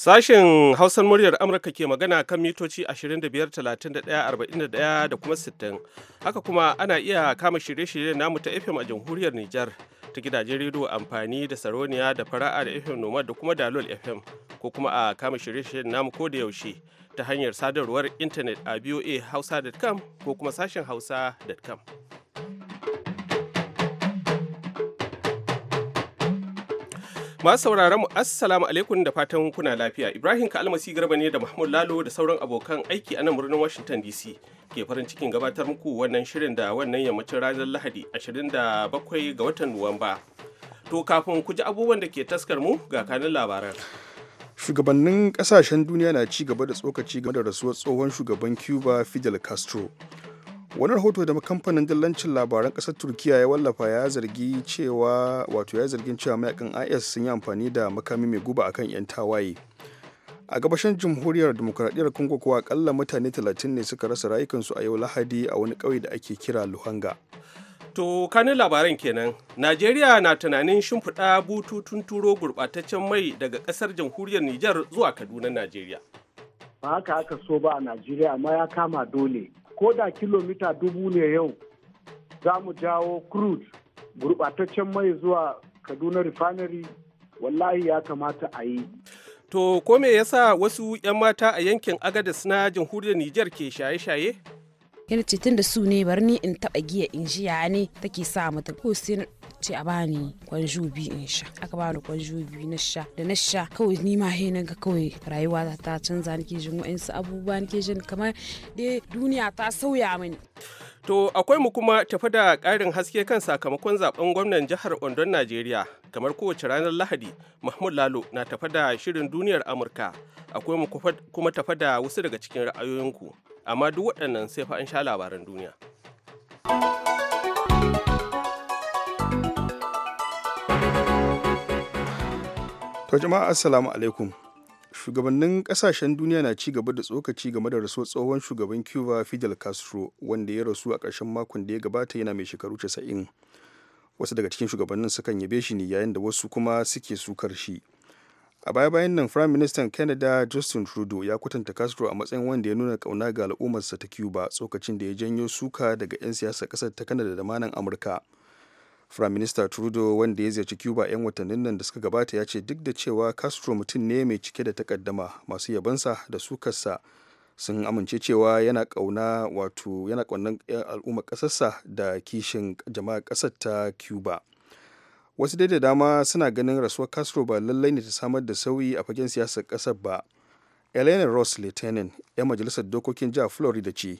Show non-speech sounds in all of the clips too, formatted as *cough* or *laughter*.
Sashen Hausar muryar Amurka ke magana kan mitoci 25,31,41 da kuma 60. Haka kuma ana iya kama shirye-shiryen namu ta FM a jamhuriyar Nijar ta gidajen rediyo amfani da Saroniya da Fara'a da FM Nomad da kuma Dalol FM ko kuma a kama shirye-shiryen namu ko da yaushe ta hanyar sadarwar intanet a hausa.com ko kuma sashen hausa.com. Masu sauraron mu assalamu alaikum da fatan kuna lafiya. Ibrahim Kalmasi Garba ne da Mahmud Lalo da sauran abokan aiki a nan birnin Washington DC ke farin cikin gabatar muku wannan shirin da wannan yammacin ranar Lahadi 27 ga watan Nuwamba. To kafin ku ji abubuwan da ke taskar mu ga kanin labaran. Shugabannin kasashen duniya na ci gaba da tsokaci game da rasuwar tsohon shugaban Cuba Fidel Castro. wani rahoto da kamfanin dillancin labaran kasar turkiya ya wallafa ya zargi cewa wato ya zargin cewa mayakan is sun yi amfani da makami mai guba akan 'yan tawaye a gabashin jamhuriyar demokuraɗiyyar congo kuwa akalla mutane 30 ne suka rasa rayukansu a yau lahadi a wani ƙauye da ake kira luhanga to kanin labaran kenan najeriya na tunanin shimfiɗa bututun turo gurɓataccen mai daga ƙasar jamhuriyar nijar zuwa kaduna najeriya ba haka aka so ba a najeriya amma ya kama dole ko da kilomita dubu ne yau za mu jawo crude gurɓataccen mai zuwa kaduna refinery wallahi ya kamata a yi to ko me yasa wasu 'yan mata a yankin agadas na jamhuriyar niger ke shaye-shaye yana ce tun da su ne bari ni in taba giya in ji ya ne take sa mutum ko sai ce a bani kwanju biyu in sha aka bani kwanju biyu na sha da na sha kawai ni ma he ga kawai rayuwa ta canza nake jin wa'ansu abubuwa nake jin kamar dai duniya ta sauya mini To akwai mu kuma tafi da ƙarin haske kan sakamakon zaben gwamnan jihar Ondon Najeriya kamar kowace ranar Lahadi Mahmud Lalo na tafi da shirin duniyar Amurka akwai mu kuma tafi da wasu daga cikin ra'ayoyinku. amma duk waɗannan sai fa an sha labaran duniya. To jama'a assalamu alaikum. Shugabannin kasashen duniya na ci gaba da tsokaci game da rasuwar tsohon shugaban Cuba Fidel Castro wanda ya rasu a ƙarshen makon da ya gabata yana mai shekaru 90. Wasu daga cikin shugabannin sukan yabe shi ne yayin da wasu kuma suke sukar shi. a baya-bayan nan firayim ministan canada justin trudeau ya kwatanta castro a matsayin wanda ya nuna kauna ga al'ummarsa ta cuba tsokacin da ya janyo suka daga 'yan siyasa kasar ta canada da manan amurka firayim minista trudeau wanda ya ziyarci cuba 'yan watannin nan da suka gabata ya ce duk da cewa castro mutum ne mai cike da takaddama masu yabansa da sukarsa sun amince cewa yana kauna wato yana kaunan al'ummar kasarsa da kishin jama'a kasar ta cuba wasu dai da dama suna ganin rasuwar castro ba lallai ne ta samar da sauyi a fagen siyasar kasar ba elena ross letenin 'yan majalisar dokokin jihar florida ce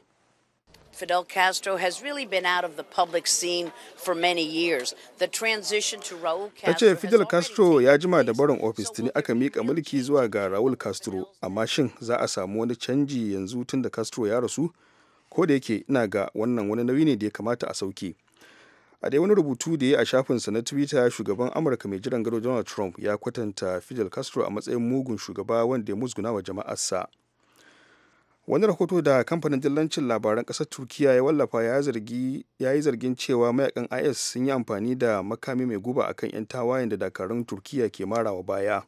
Fidel Castro has really been out of the public scene for many years. The transition to Raul Castro. Tace Fidel Castro ya jima da barin ofis tuni aka mika mulki zuwa ga Raul Castro, amma shin za a samu wani canji yanzu tunda da Castro ya rasu? Ko da yake ina ga wannan wani nauyi ne da ya kamata a sauke. a dai wani rubutu da ya a shafinsa na twitter shugaban amurka mai jiran gado donald trump ya kwatanta fidel castro a matsayin mugun shugaba wanda ya musguna wa jama'arsa wani rahoto da kamfanin dillancin labaran ƙasar turkiya ya wallafa ya yi zargin cewa mayakan is sun yi amfani da makami mai guba akan 'yan tawayen da dakarun turkiya ke marawa baya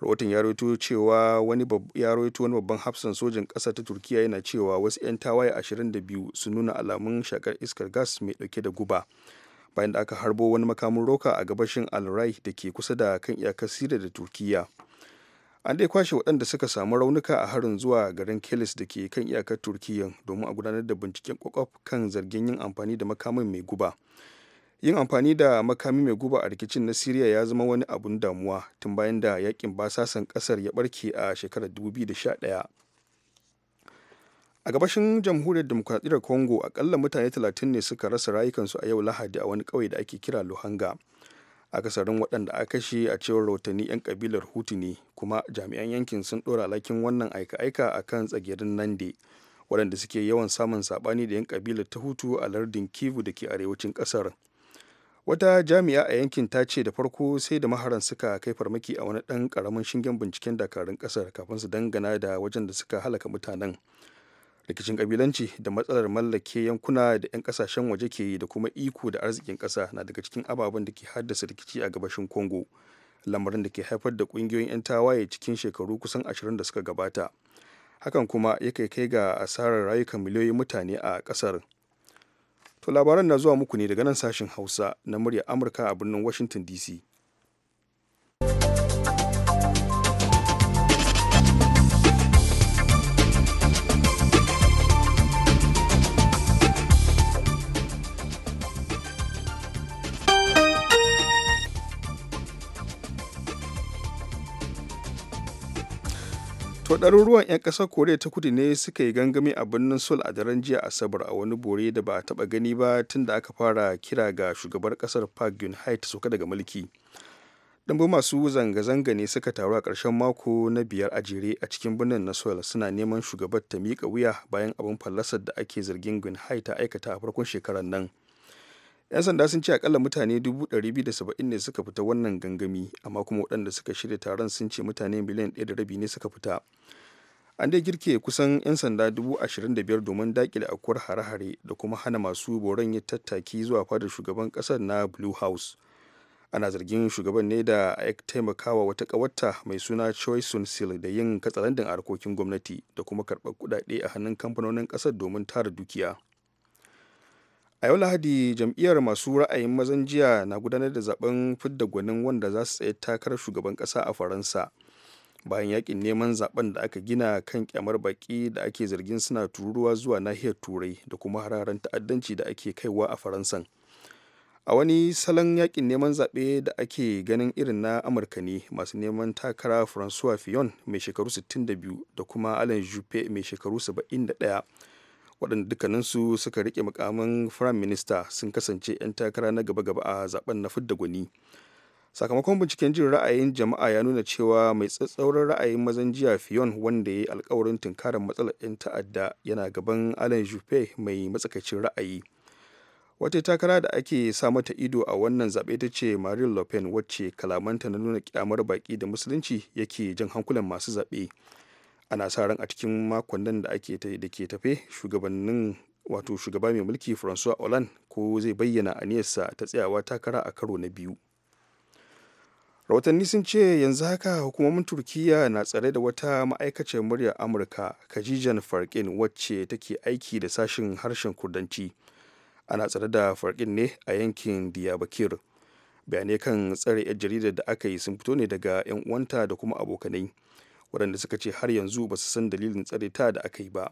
rahoton ya rawaito cewa wani ya rawaito wani babban hafsan sojan ƙasa ta turkiya yana cewa wasu 'yan tawaye 22 sun nuna alamun shakar iskar gas mai dauke da guba bayan da aka harbo wani makamin roka a gabashin alrai da ke kusa da kan iyakar siriya da turkiya an dai kwashe waɗanda suka samu raunuka a harin zuwa garin kelis da ke kan iyakar turkiya domin a gudanar da binciken kwakwaf kan zargin yin amfani da makamin mai guba yin amfani da makami mai guba a rikicin na siriya ya zama wani abun damuwa tun bayan da yakin basasan kasar ya barke a shekarar 2011 a gabashin jamhuriyar demokradiyyar congo akalla mutane 30 ne suka rasa rayukansu a yau lahadi a wani kauye da ake kira luhanga akasarin waɗanda aka kashe a cewar rahotanni 'yan kabilar hutu ne kuma jami'an yankin sun ɗora alakin wannan aika-aika a kan tsagerin nande waɗanda suke yawan samun saɓani da 'yan kabilar ta hutu a lardin kivu da ke arewacin ƙasar wata jami'a a yankin ta ce da farko sai da maharan suka kai farmaki a wani ɗan ƙaramin shingen binciken dakarun ƙasar kafin su dangana da wajen da suka halaka mutanen rikicin kabilanci da matsalar mallake yankuna da 'yan kasashen waje ke yi da kuma iko da arzikin ƙasa na daga cikin ababen da ke haddasa rikici a gabashin congo lamarin da ke haifar da ƙungiyoyin 'yan tawaye cikin shekaru kusan ashirin da suka gabata hakan kuma ya kai kai ga asarar rayukan miliyoyin mutane a ƙasar To labaran na zuwa muku ne daga nan sashen Hausa na murya Amurka a birnin Washington DC. to ɗaruruwan 'yan ƙasar koriya ta kudu ne suka yi gangami a birnin seoul a daren jiya asabar a wani bore da ba a taɓa gani ba tun da aka fara kira ga shugabar ƙasar park geun hye ta soka daga mulki ɗanbu masu zanga-zanga ne suka taru a ƙarshen mako na biyar a jere a cikin birnin na seoul suna neman shugabar ta miƙa wuya bayan abin fallasar da ake zargin geun hye ta aikata a farkon shekarar nan 'yan sanda sun ce akalla mutane da saba'in ne suka fita wannan gangami amma kuma waɗanda suka shirya taron sun ce mutane miliyan ɗaya da rabi ne suka fita an dai girke kusan 'yan sanda ashirin da biyar domin daƙile akuwar hare-hare da kuma hana masu boron ya tattaki zuwa fadar shugaban ƙasar na blue house ana zargin shugaban ne da ya taimakawa wata ƙawarta mai suna choi sun da yin katsalandan harkokin gwamnati da kuma karɓar kuɗaɗe a hannun kamfanonin ƙasar domin tara dukiya a yau lahadi jam'iyyar masu ra'ayin mazan jiya na gudanar da zaben fidda gwanin wanda za su tsaye takarar shugaban kasa a faransa bayan yakin neman zaben da aka gina kan kyamar baki da ake zargin suna tururuwa zuwa nahiyar turai da kuma hararen ta'addanci da ake kaiwa a faransan a wani salon yakin neman zaɓe da ake ganin irin na amurka ne masu neman takara francois fillon mai shekaru 62 da kuma alain juppe mai shekaru 71 waɗanda dukkaninsu suka rike mukamin firayim minista sun kasance 'yan takara na gaba-gaba a zaben na fidda gwani sakamakon binciken jin ra'ayin jama'a ya nuna cewa mai tsatsauran ra'ayin mazan jiya fiyon wanda ya yi alkawarin tunkarar matsalar 'yan ta'adda yana gaban alan juppe mai matsakaicin ra'ayi wata takara da ake sa mata ido a wannan zaɓe ta ce marine le wacce kalamanta na nuna kyamar baƙi da musulunci yake jan hankulan masu zaɓe ana sa ran a cikin makonnin da ake da ke tafe shugabannin wato shugaba mai mulki francois hollande ko zai bayyana a aniyarsa ta tsayawa takara a karo na biyu rahotanni sun ce yanzu haka hukumomin turkiya na tsare da wata ma'aikaciyar muryar amurka kajijan farkin wacce take aiki da sashen harshen kurdanci ana tsare da farkin ne a yankin diyabakir bayanai kan tsare 'yan jaridar da aka yi sun fito ne daga 'yan uwanta da kuma abokanai waɗanda suka ce har yanzu ba su san dalilin tsare ta da aka yi ba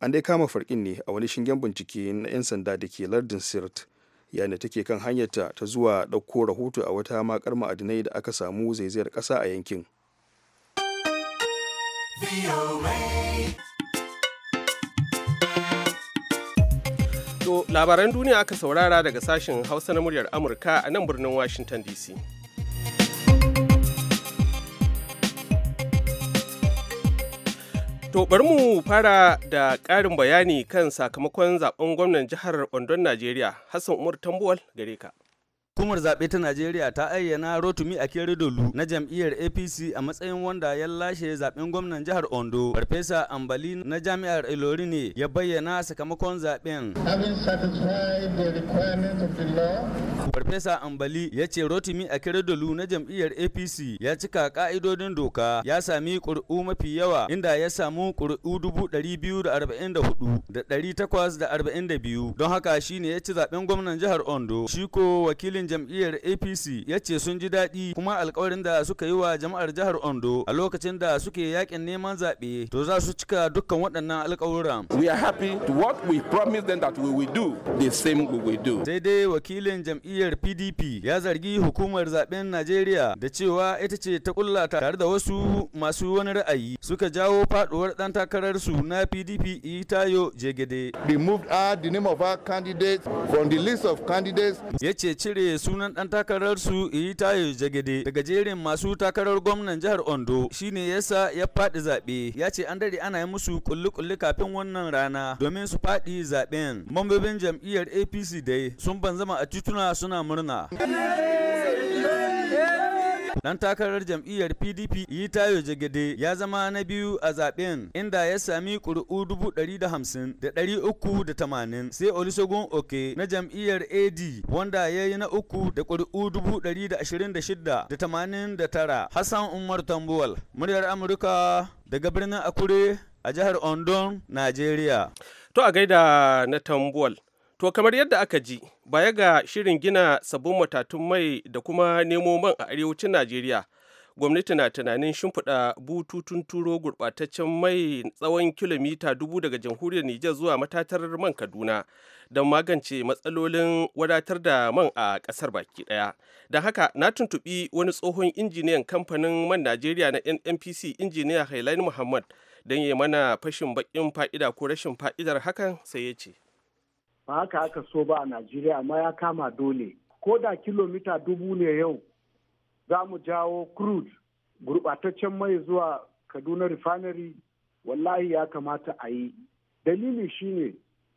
an dai kama farkin ne a wani shingen bincike na 'yan sanda da ke lardin sirt yana da take kan hanyarta ta zuwa ɗauko rahoto a wata makar ma'adinai da aka samu zaizayar ƙasa a yankin To labaran duniya aka saurara daga sashen Hausa na muryar Amurka a nan birnin Washington DC. To bari mu fara da ƙarin bayani kan sakamakon zaben gwamnan jihar Ondon Najeriya, Hassan Umar Tambuwal gare ka. Hukumar zaɓe ta Najeriya ta ayyana Rotumi Akeredolu na jam'iyyar APC a matsayin wanda ya lashe zaɓen gwamnan jihar Ondo. Farfesa Ambali na jami'ar Ilori ne ya bayyana sakamakon zaɓen. Farfesa Ambali ya ce Rotumi Akeredolu na jam'iyyar APC ya cika ƙa'idodin doka ya sami ƙuri'u mafi yawa inda ya samu ƙuri'u dubu ɗari biyu da arba'in da hudu da ɗari takwas da arba'in da biyu don haka shine ya ci zaɓen gwamnan jihar Ondo. Shiko wakilin sakataren jam'iyyar apc ya ce sun ji daɗi kuma alkawarin da suka yi wa jama'ar jihar ondo a lokacin da suke yakin neman zaɓe to za su cika dukkan waɗannan alƙawura. we are happy to what we promised them that we will do the same we will do sai dai wakilin jam'iyyar pdp ya zargi hukumar zaben najeriya da cewa ita ce ta kulla tare da wasu masu wani ra'ayi suka jawo faduwar ɗan takarar su na pdp itayo jegede removed her the name of our candidate from the list of candidates ya ce cire janye sunan ɗan takararsu Iyitayo Jagede daga jerin masu takarar gwamnan jihar Ondo shine yasa ya faɗi zaɓe ya ce an dare ana yi musu kulli-kulli kafin wannan rana domin su faɗi zaɓen. Mambobin jam'iyyar APC dai sun banzama a tituna suna murna. Dan takarar jam'iyyar PDP Yitayo Jagade ya zama na biyu a zaben inda ya sami ƙuri'u dubu ɗari da hamsin da ɗari uku da tamanin sai Olusegun Oke na jam'iyyar AD wanda ya yi na uku da ƙuri'u dubu ɗari da ashirin da shida da tamanin da tara Hassan Umar Tambuwal muryar Amurka daga birnin Akure a jihar Ondo, Najeriya. To a gaida na Tambuwal. To kamar yadda aka ji baya ga shirin gina sabbin matatun mai da kuma nemo man a arewacin najeriya gwamnati na tunanin shimfiɗa bututun turo gurɓataccen mai tsawon kilomita dubu daga jamhuriyar nijar zuwa matatar man kaduna don magance matsalolin wadatar da man a ƙasar baki ɗaya don haka na tuntuɓi wani tsohon injiniyan kamfanin man najeriya na nnpc injiniya hailani muhammad don ya mana fashin baƙin fa'ida ko rashin fa'idar hakan sai ya ce ba haka aka so ba a najeriya amma ya kama dole ko da kilomita dubu ne yau za mu jawo crude gurɓataccen mai zuwa kaduna refinery wallahi ya kamata a yi dalili shine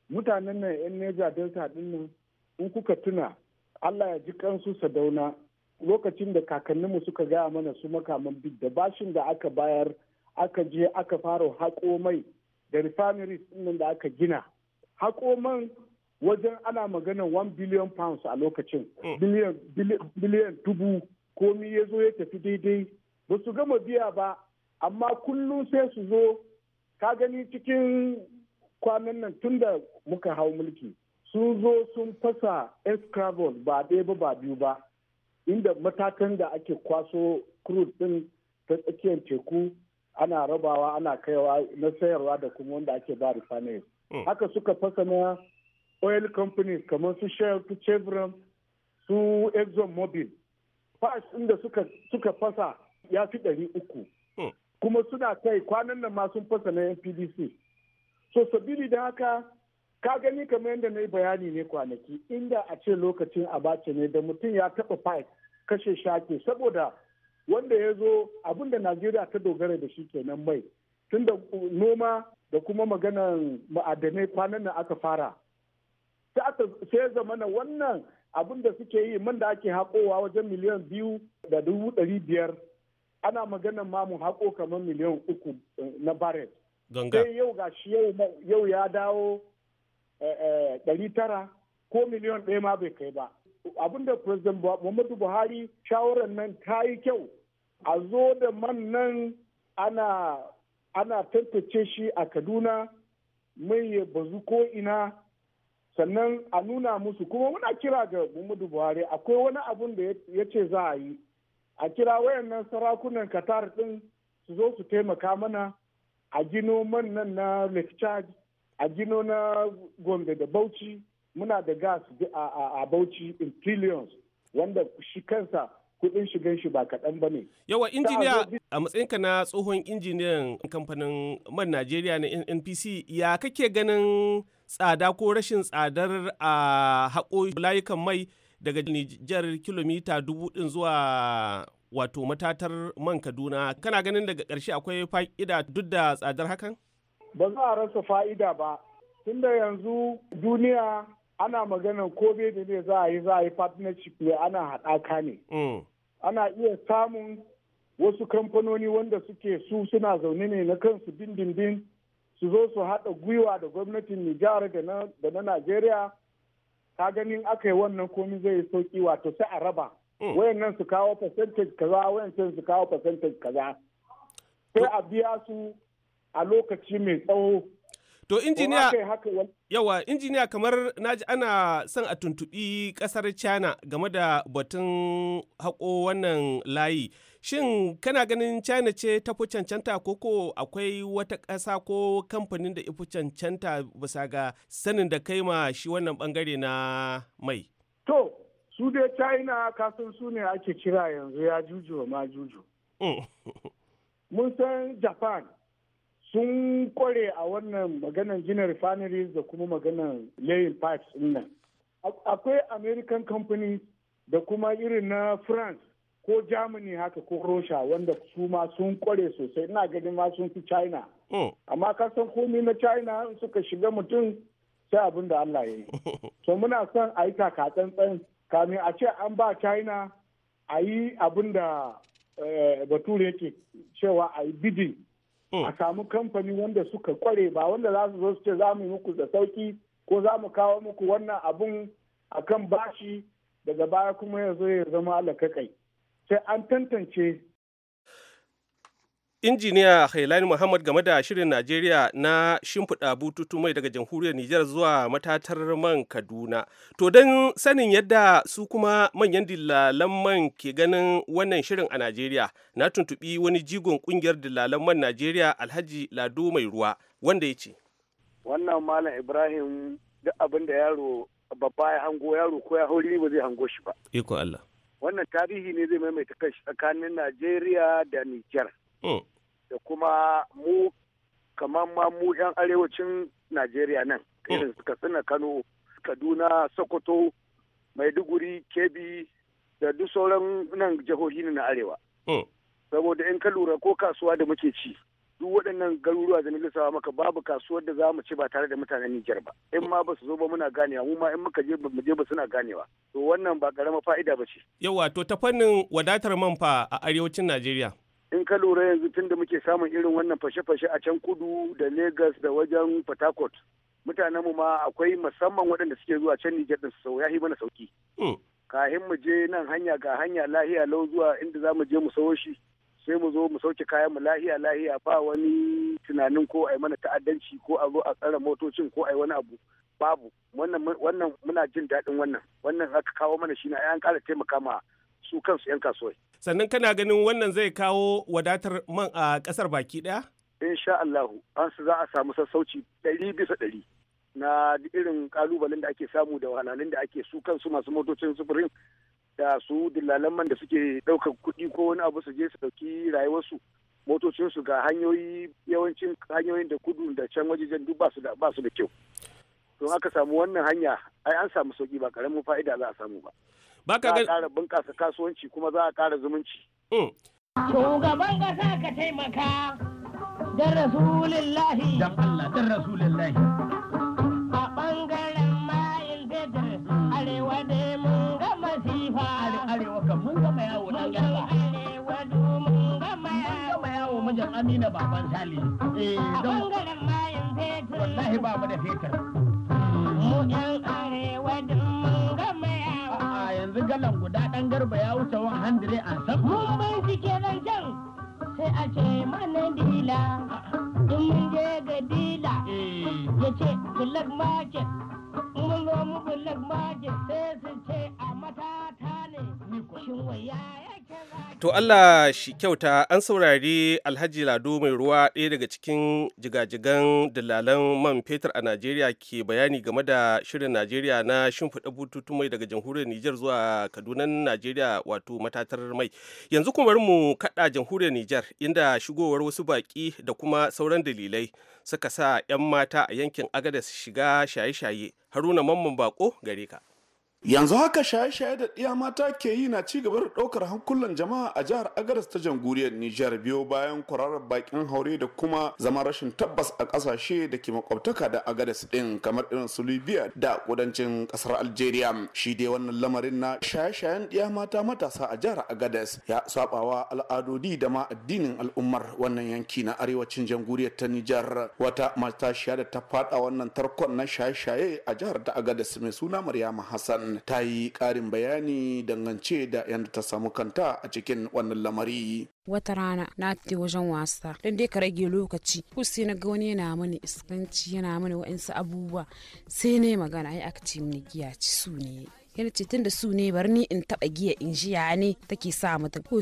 mutanen nan 'yan neja delta nan in kuka tuna allah ya ji kansu sadauna lokacin da kakanninmu suka gaya mana su makaman bid da bashin da aka bayar aka je aka fara haƙo mai da refineries ɗin da aka gina haƙo man wajen ana magana 1 billion pounds a lokacin hmm. biliyan dubu komi ya zo ya tafi daidai ba su gama biya ba amma kullum sai su zo ka gani cikin kwanan nan tun da muka hau mulki sun zo sun fasa escravel ba ɗaya ba ba biyu ba inda matakan da ake kwaso crude din ta tsakiyar teku ana rabawa ana kaiwa na sayarwa da kuma wanda ake ba refinery hmm. haka suka fasa na oil companies kamar su shell su chevron su exxon mobil fash inda suka suka fasa ya fi ɗari uku hmm. kuma suna kai kwanan nan masu fasa na npdc so sabili da haka ka gani kamar yadda na yi bayani ne kwanaki inda a ce lokacin abace ne da mutum ya taɓa pipe kashe shaki saboda wanda ya zo abinda najeriya ta dogara da shi kenan mai tunda noma da kuma maganan ma'adanai kwanan nan aka fara sai aka sai na wannan abin da suke yi man da ake haƙowa wajen miliyan biyu da dubu ɗari biyar ana magana ma mu haƙo kamar miliyan uku eh, na barrel. Ganga. Sai yau ga shi yau ya dawo eh, eh, ɗari tara ko miliyan ɗaya ma bai kai ba. Abin da President Muhammadu Buhari shawarar nan ta yi kyau a zo da man nan ana ana tantance shi a Kaduna mai bazu ko ina sannan a nuna musu kuma muna kira ga muhammadu buhari akwai wani abun da ya ce za a yi a kira wayannan sarakunan qatar din su zo su taimaka mana a gino man nan na lake a gino na gombe da bauchi muna da gas a bauchi in trillions wanda shi kansa kudin shigan shi ba kaɗan ba ne. Yawa injiniya a matsayinka na tsohon injiniyan kamfanin man Najeriya na NNPC ya kake ganin tsada ko rashin tsadar a haƙo layukan mai daga Nijar kilomita dubu ɗin zuwa wato matatar man Kaduna kana ganin daga ƙarshe akwai fa'ida duk da tsadar hakan? Ba za a rasa fa'ida ba tunda yanzu duniya ana magana ko da ne za a yi za a yi partnership ne ana haɗaka ne mm. ana iya samun wasu kamfanoni wanda suke su suna zaune ne na kansu dindindin su zo su haɗa gwiwa da gwamnatin nijar da na najeriya ka ganin aka yi wannan komi zai sauki wato sai a raba mm. wayannan su kawo percentage kaza wayancan su kawo percentage kaza sai a biya su a lokaci mai tsawo To injiniya yawa injiniya kamar naji ana son a tuntuɓi ƙasar China game da batun haƙo wannan layi. Shin kana ganin China ce ta fi cancanta ko ko akwai wata ƙasa ko kamfanin da ifi cancanta bisa ga sanin da kai ma shi wannan bangare na mai? To, su dai China kasan su ne ake kira yanzu ya juju ma juju. Mm. *laughs* Mun san Japan sun kware a wannan maganan gina refineries da kuma maganan layin pipes nan. Akwai American company da kuma irin na France ko Germany haka ko Russia wanda su ma sun kware sosai ina ganin ma sun fi China. Oh. Amma ka san komi na China suka shiga mutum sai abin da Allah ya yi. *laughs* So muna son a yi tsantsan kamin a ce an ba China a yi abin da eh, Bature yake cewa a yi bidin. Hmm. a samu kamfani wanda suka kware ba wanda za su zo su ce za mu yi muku da sauki ko za mu kawo muku wannan abun a kan bashi daga baya kuma ya zo ya zama alakakai sai an tantance injiniya hailani muhammad game da shirin najeriya na shimfiɗa bututu mai daga jamhuriyar nijar zuwa matatar man kaduna to don sanin yadda su kuma manyan dillalan man ke ganin wannan shirin a najeriya na tuntuɓi wani jigon ƙungiyar dillalan man najeriya alhaji lado mai ruwa wanda ya ce wannan malam ibrahim duk abin da yaro babba ya hango yaro ko ya hauri ba zai hango shi ba allah wannan tarihi ne zai maimaita kai tsakanin najeriya da nijar Oh. da kuma mu kamar ma mu 'yan arewacin najeriya nan oh. irin suka katsina kano kaduna sokoto maiduguri kebbi da duk sauran nan jihohi na arewa oh. saboda in ka lura ko kasuwa da muke ci duk waɗannan garuruwa da na lissawa maka babu kasuwar da za mu ci ba tare da mutanen Nijar ba in ma ba su zo ba muna ganewa mu ma in muka je ba, mu je ba suna ganewa to wannan ba karama fa'ida ba ce yawa to ta fannin wadatar man fa a arewacin Najeriya in ka lura yanzu tunda muke samun irin wannan fashe-fashe a can kudu da Legas da wajen Port mutanen mu ma akwai musamman waɗanda suke zuwa can Nijar din sau ya mana sauki. Hmm. Kahin mu je nan hanya ga hanya lahiya lau zuwa inda za mu je mu sawo shi sai mu zo mu sauke kayan mu lahiya lahiya ba wani tunanin ko a yi mana ta'addanci ko a zo a tsara motocin ko a wani abu babu wannan muna jin daɗin wannan wannan aka kawo mana shi na an ƙara taimaka ma su kansu 'yan kasuwai. Sannan kana ganin wannan zai kawo wadatar man a ƙasar baki ɗaya? sha Allahu, an su za a samu sassauci ɗari bisa ɗari. na irin ƙalubalen da ake samu da wahalhalun da ake su kansu masu motocin sufurin da su dillalan man da suke ɗaukar kuɗi ko wani abu su je su ɗauki rayuwarsu motocinsu ga hanyoyi yawancin hanyoyin da kudu da can wajejen duk ba su da kyau don aka samu wannan hanya ai an samu sauki ba karamin fa'ida za a samu ba Baka za a ƙara bunƙasa kasuwanci kuma za a ƙara zumunci. Oh. Shugaban ƙasa ka taimaka da Rasulillahi. Dan Allah, dan Rasulillahi. A bangaren mayin fetur arewa ne mun ga masifa. Arewa kan mun gama yawo ɗan gaba. Arewa mun gama yawo. Mun gama yawo mijin Amina Baban Sali. Eh, a ɓangaren mayin fetur. Wallahi ba mu da fetur. Mu ɗan arewa dun mun gama galan guda ɗan garba ya wuce 100 a san. Mun bincike nan can sai a ce mana dila. In mun je ga dila eh. ya ce black market. Mun zo mu market sai su ce a matata ne. Shin waya To Allah shi kyauta an saurari Alhaji Lado mai ruwa ɗaya daga cikin jigajigan dalalan man fetur a Najeriya ke bayani game da shirin Najeriya na shimfiɗa bututun mai daga jamhuriyar Nijar zuwa Kadunan Najeriya wato matatar mai. Yanzu kuma mu kaɗa jamhuriyar Nijar inda shigowar wasu baƙi da kuma sauran dalilai suka sa 'yan mata a yankin Agadez shiga shaye-shaye. Haruna Mamman Bako gare ka. yanzu haka shaye-shaye da ɗiya mata ke yi na ci gaba da ɗaukar hankulan jama'a a jihar agadas ta jamhuriyar nijar biyo bayan kwararar bakin haure da kuma zama rashin tabbas a ƙasashe da ke makwabtaka da agadas din kamar irin su libya da kudancin ƙasar algeria shi dai wannan lamarin na shaye-shayen ɗiya mata matasa a jihar agadas ya sabawa al'adodi da ma addinin al'ummar wannan yanki na arewacin jamhuriyar ta nijar wata matashiya da ta faɗa wannan tarkon na shaye-shaye a jihar ta agadas mai suna maryama hassan ta yi karin bayani dangance da yadda ta samu kanta a cikin wannan lamari. Wata rana na te wajen wasa don dai ka rage lokaci ko sai na ga wani yana mani iskanci yana mani wa'insu abubuwa sai na yi magana ai aka ce mini giya ci su ne. Yana ce tun da su ne bari ni in taɓa giya in ji ya ne take sa mutum ko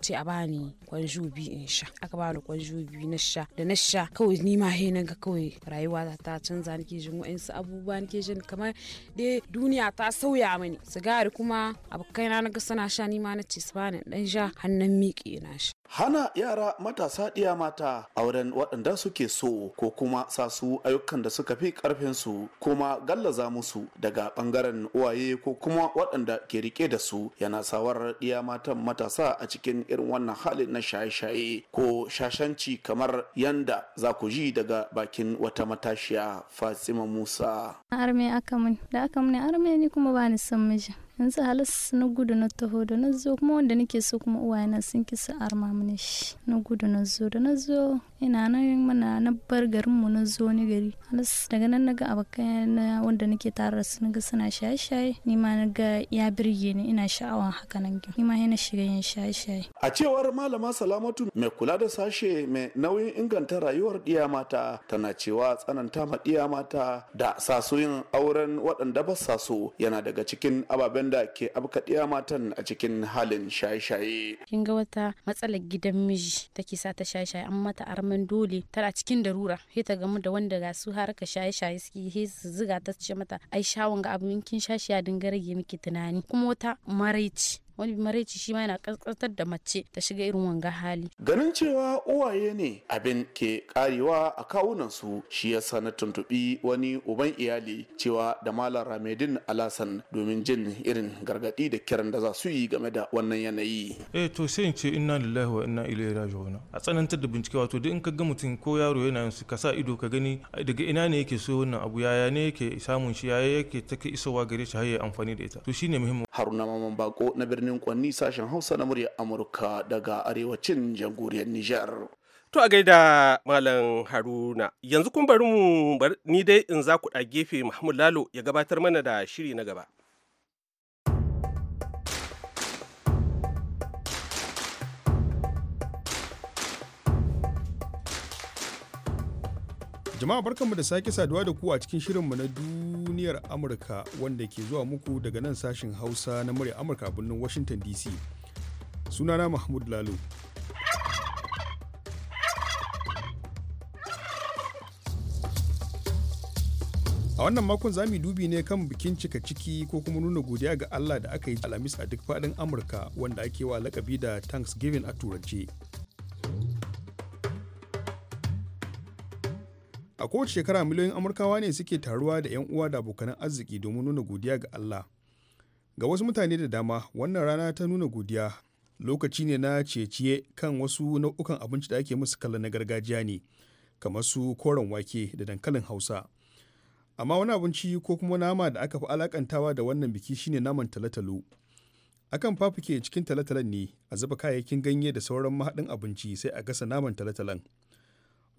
ce a bani kwanju biyu in sha aka bani kwanju biyu na sha da na sha kawai ni ma he ga kawai rayuwa ta canza nake jin wa'ansu abubuwa nake jin kamar da duniya ta sauya mani sigari kuma abokaina na ga sana sha ni ma na ce su bani dan sha hannun miƙe na sha hana yara matasa ɗiya mata auren waɗanda suke so ko kuma sa su ayyukan da suka fi ƙarfinsu kuma gallaza musu daga ɓangaren uwaye ko kuma waɗanda ke rike da su yana sawar ɗiya matan matasa a cikin irin wannan halin na shaye-shaye ko shashanci kamar yanda za ku ji daga bakin wata matashiya Fatima Musa. Arme aka mun, da aka mun arme ni kuma ba ni son miji. yanzu halas na gudu na taho da na zo kuma wanda nake so kuma uwayena sun kisa arma mini shi na gudu na zo da na zo ina nan mana na bar garinmu na zo ni gari halas daga nan naga abokai na wanda nake tare da su naga suna shaye-shaye ni ma naga ya birge ni ina sha'awan haka nan ni ma na shiga yin shaye-shaye a cewar malama salamatu mai kula da sashe mai nauyin inganta rayuwar ɗiya mata tana cewa tsananta ma ɗiya mata da sasoyin auren waɗanda ba saso yana daga cikin ababen wanda ke abkaɗiya ɗiya matan a cikin halin shaye-shaye. Kin ga wata matsalar gidan miji take sa ta shaye-shaye an mata arman dole tana cikin darura sai ta gamu da wanda ga su har shaye-shaye suke he su ziga ta ce mata ai shawon ga abin kin shashi ya dinga rage miki tunani kuma wata maraici wani maraici shi ma yana kaskantar da mace ta shiga irin wanga hali ganin cewa uwaye ne abin ke karewa a kawunan su shi ya sa na tuntubi wani uban iyali cewa da malam ramedin alasan domin jin irin gargadi da kiran da za su yi game da wannan yanayi eh to sai in ce inna lillahi wa inna ilaihi raji'un a tsanantar da bincike wato duk in ka ga mutum ko yaro yana yin su ka sa ido ka gani daga ina ne yake so wannan abu yaya ne yake samun shi yaya yake take isowa gare shi har ya amfani da ita to shine muhimmin haruna maman bako na birnin kwanni sashen hausa na murya amurka daga arewacin jamhuriyar nijar To a gaida Malam Haruna, yanzu kun bari mu ni dai in za ku a gefe Muhammad Lalo ya gabatar mana da shiri na gaba. Jama'a barkanmu da sake saduwa da ku a cikin shirinmu na duniyar Amurka wanda ke zuwa muku daga nan sashin Hausa na murya Amurka a birnin Washington DC. Sunana Mahmud Lalo. A wannan makon zamu dubi ne kan bikin cika ciki ko kuma nuna godiya ga Allah da aka yi Alhamis a duk faɗin Amurka wanda ake wa lakabi da Thanksgiving a Turance. A kowace shekara miliyoyin Amurkawa ne suke taruwa da 'yan uwa da abokanan arziki domin nuna godiya ga Allah. Ga wasu mutane da dama, wannan rana ta nuna godiya lokaci ne na ciye-ciye kan wasu nau'ukan abinci da ake musu kallon na gargajiya ne, kamar su koren wake da dankalin Hausa. Amma wani abinci ko kuma nama da aka fi alakantawa da wannan biki shine naman talotalo. Akan fafuke cikin talotalon ne a zuba kayayyakin ganye da sauran mahaɗin abinci sai a gasa naman talotalon.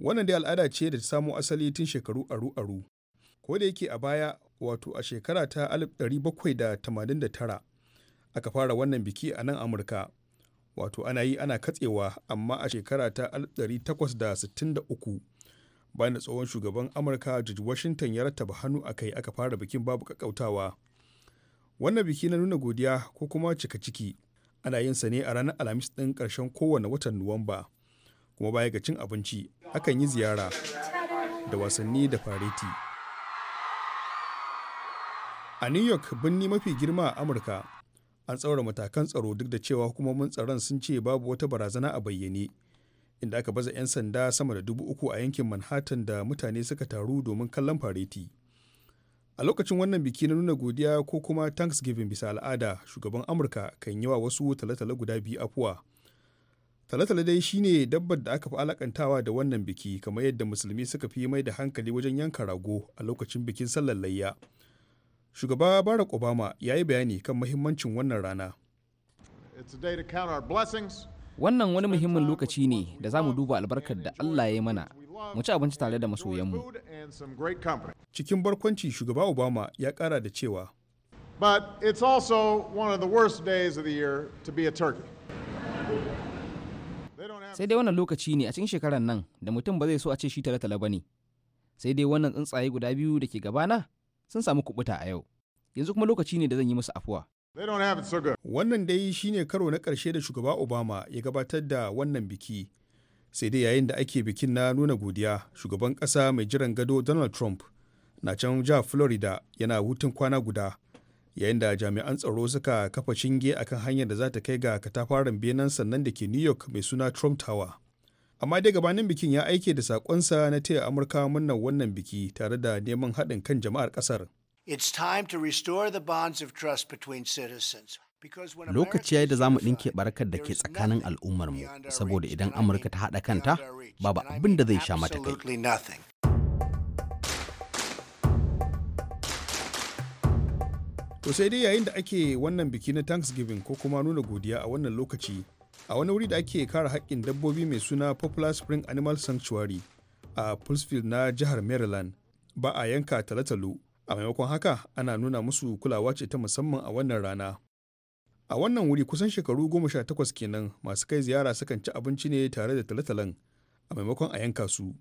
Wannan dai al'ada ce da ta samo asali tun shekaru aru-aru. Ko da yake a baya, wato a shekara ta 1789 aka fara wannan biki a nan Amurka. Wato ana yi ana katsewa amma a shekara ta 1863 bayan da tsohon shugaban Amurka George Washington ya rattaba hannu a kai aka fara bikin babu kakautawa. Wannan biki na nuna godiya ko kuma cika ciki ana yin sa ne a ranar Alhamis ɗin karshen kowane watan Nuwamba. kuma baya ga cin abinci akan yi ziyara da wasanni da fareti a new york birni mafi girma a amurka an tsaura matakan tsaro duk da cewa hukumomin tsaron sun ce babu wata barazana a bayyane inda aka baza 'yan sanda sama da dubu uku a yankin manhattan da mutane suka taru domin kallon fareti a lokacin wannan biki na nuna godiya ko kuma thanksgiving bisa al'ada shugaban amurka kan yi wa wasu tale guda biyu afuwa Talatala dai shine dabbar da aka fi alakantawa da wannan biki kamar yadda musulmi suka fi mai da hankali wajen yanka rago a lokacin bikin sallar layya. Shugaba Barack Obama ya yi bayani kan mahimmancin wannan rana. Wannan wani muhimmin lokaci ne da za mu duba albarkar da Allah ya yi mana, mu ci abinci tare da masoyanmu. Cikin barkwanci shugaba Obama ya kara da cewa. But it's also one of the worst days of the year to be a turkey. sai dai wannan lokaci ne a cikin shekarar nan da mutum ba zai so a ce shi talatala ba ne sai dai wannan tsuntsaye guda biyu da ke gabana sun samu kubuta a yau yanzu kuma lokaci ne da zan yi musu afuwa wannan dai shine karo na karshe da shugaba obama ya gabatar da wannan biki sai dai yayin da ake bikin na nuna godiya shugaban ƙasa mai jiran gado donald trump na can jihar florida yana hutun kwana guda yayin da jami'an tsaro suka kafa shinge akan hanyar da za ta kai ga katafaren benen sannan da ke new york mai suna trump tower amma dai gabanin bikin ya aike da sakonsa na taya amurka murnar wannan biki tare da neman haɗin kan jama'ar ƙasar It's time to restore the bonds of trust between citizens. Lokaci yayi da za mu ɗinke barakar da ke tsakanin al'ummarmu, saboda idan Amurka ta haɗa kanta, babu abin da zai sha mata kai. To sai dai yayin da ake wannan biki na Thanksgiving ko kuma nuna godiya a wannan lokaci, a wani wuri da ake kara haƙƙin dabbobi mai suna Popular Spring Animal Sanctuary a Pulsfield na jihar Maryland, ba a yanka talatalo, a maimakon haka ana nuna musu kulawa ce ta musamman a wannan rana. A wannan wuri kusan shekaru goma sha takwas kenan masu kai ziyara sukan ci abinci ne tare da talatalan a maimakon a yanka su.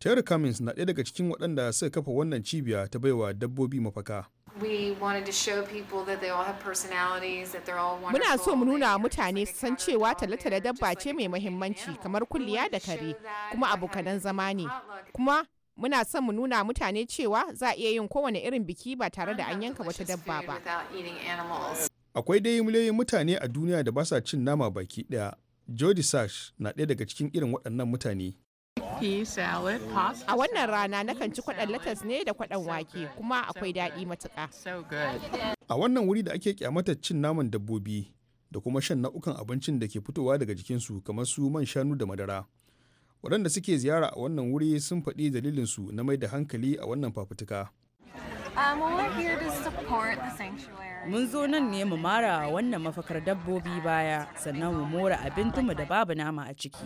Terry Cummins na ɗaya daga cikin waɗanda suka kafa wannan cibiya ta baiwa dabbobi mafaka. we wanted to show people that they all have Muna so mu nuna wa mutane san cewa talatala dabba ce mai muhimmanci kamar kulliya da kare kuma abokanan zama ne. Kuma muna son mu nuna mutane cewa za a iya yin kowane irin biki ba tare da an yanka wata dabba ba. Akwai dai miliyoyin mutane a duniya da ba sa cin nama baki ɗaya. Jody Sash na ɗaya daga cikin irin waɗannan mutane. pea salad, pasta. A wannan rana nakan ci kwaɗan latas ne da kwaɗan wake kuma akwai daɗi matuƙa. A wannan wuri da ake kyamatar cin naman dabbobi da kuma shan nau'ukan abincin da ke fitowa daga jikinsu kamar su man shanu da madara. Waɗanda suke ziyara a wannan wuri sun faɗi dalilinsu na mai da hankali a wannan fafutuka. Um, mun zo nan ne mu mara wannan mafakar dabbobi baya sannan mu mora abincinmu da babu nama a ciki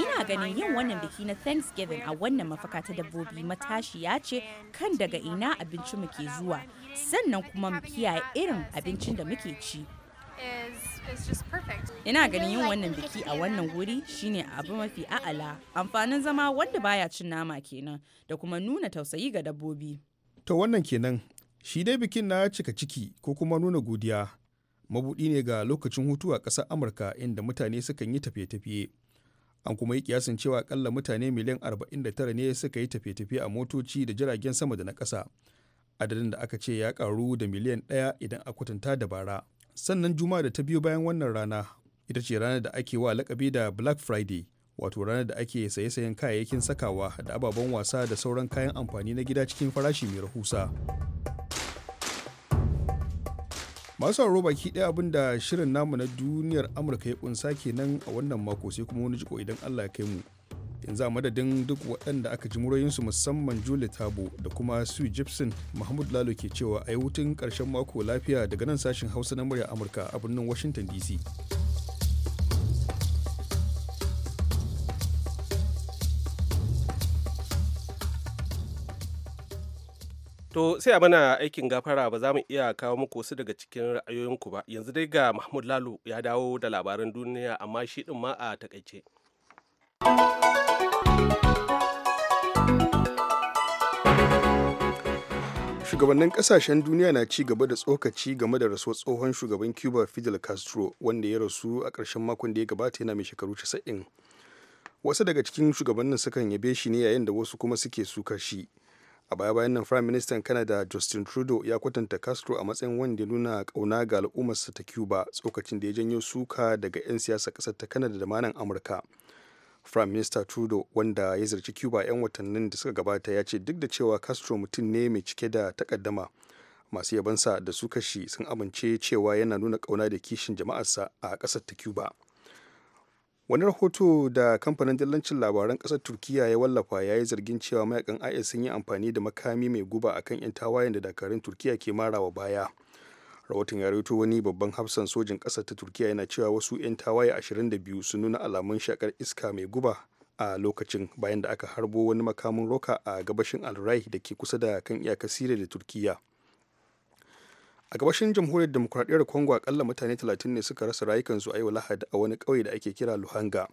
ina ganin yin wannan biki na thanksgiving a wannan mafaka ta dabbobi matashiya ce kan daga ina abinci ke zuwa sannan kuma mu kiyaye irin abincin da muke ci Ina ganin yin wannan biki a wannan wuri shine abu mafi a'ala amfanin zama wanda baya cin nama kenan da kuma nuna tausayi ga dabbobi. To wannan kenan Shi dai bikin na cika ciki ko kuma nuna godiya mabuɗi ne ga lokacin hutu a ƙasar Amurka inda mutane sukan yi tafiye-tafiye. An kuma yi kiyasin cewa akalla mutane miliyan 49 ne suka yi tafiye-tafiye a motoci da jiragen sama da na ƙasa. Adadin da aka ce ya ƙaru da miliyan ɗaya idan a kwatanta da bara. Sannan Juma'a da ta biyu bayan wannan rana ita ce rana da ake wa lakabi da Black Friday. wato ranar da ake saye-sayen kayayyakin sakawa da ababen wasa da sauran kayan amfani na gida cikin farashi mai rahusa masu sauraro baki ɗaya abin da shirin namu na duniyar amurka ya kunsa kenan a wannan mako sai kuma wani jiko idan allah ya kai mu yanzu a madadin duk waɗanda aka ji murayinsu musamman julie tabo da kuma sue gibson mahmud lalo ke cewa a yi hutun ƙarshen mako lafiya daga nan sashen hausa na murya amurka a birnin washington dc To sai a mana aikin gafara ba za mu iya kawo muku wasu daga cikin ra'ayoyinku ba. Yanzu dai ga Mahmud lalu ya dawo da labaran duniya amma shi din ma a takaice. Shugabannin kasashen duniya na ci gaba da tsokaci game da rasuwar tsohon shugaban Cuba Fidel Castro wanda ya rasu a ƙarshen makon da ya gabata yana mai shekaru 90. Wasu daga cikin shugabannin sukan yabe shi ne yayin da wasu kuma suke suka shi. a baya-bayan nan prime minister canada justin trudeau ya kwatanta castro a matsayin wanda ya nuna kauna ga al'ummarsa ta cuba tsokacin da ya janyo suka daga 'yan siyasa kasar ta canada da manan amurka prime minister trudeau wanda ya zarci cuba 'yan watannin da suka gabata ya ce duk da cewa castro mutum ne mai cike da takaddama masu yabansa da suka shi sun amince cewa yana nuna kauna da kishin jama'arsa a kasar ta cuba wani rahoto da kamfanin dillancin labaran ƙasar turkiya ya wallafa ya yi zargin cewa mayakan is sun yi amfani da makami mai guba a kan 'yan tawayen da dakarun turkiya ke marawa baya rahoton ya rahoto wani babban hafsan sojin ƙasar ta turkiya yana cewa wasu 'yan tawaye 22 sun nuna alamun shakar iska mai guba a lokacin bayan da aka harbo wani makamin roka a gabashin alrai da ke kusa da kan iyakar da turkiya a gabashin jamhuriyar demokuraɗiyyar congo akalla mutane 30 ne suka rasa rayukansu a yau lahadi a wani ƙauye da ake kira luhanga a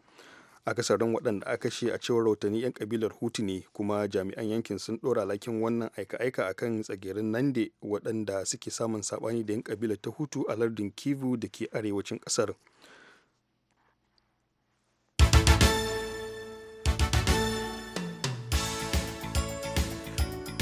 akasarin waɗanda aka shi a cewar rahotanni 'yan kabilar hutu ne kuma jami'an yankin sun ɗora lakin wannan aika-aika a akan tsagerin nande waɗanda suke samun saɓani da 'yan kabilar ta hutu a lardin kivu da ke arewacin ƙasar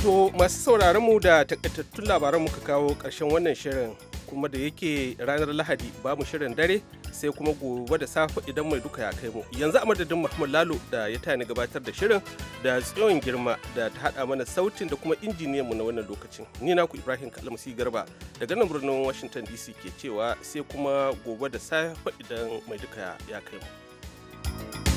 To masu sauraron mu da takaitattun labaran muka kawo ƙarshen wannan shirin kuma da yake ranar Lahadi ba mu shirin dare sai kuma gobe da safe idan mai duka ya kai mu. Yanzu a madadin Muhammad Lalo da ya tani gabatar da shirin da tsayon girma da ta haɗa mana sautin da kuma injiniyan mu na wannan lokacin. Ni naku Ibrahim Si Garba daga nan birnin Washington DC ke cewa sai kuma gobe da safe idan mai duka ya kai mu.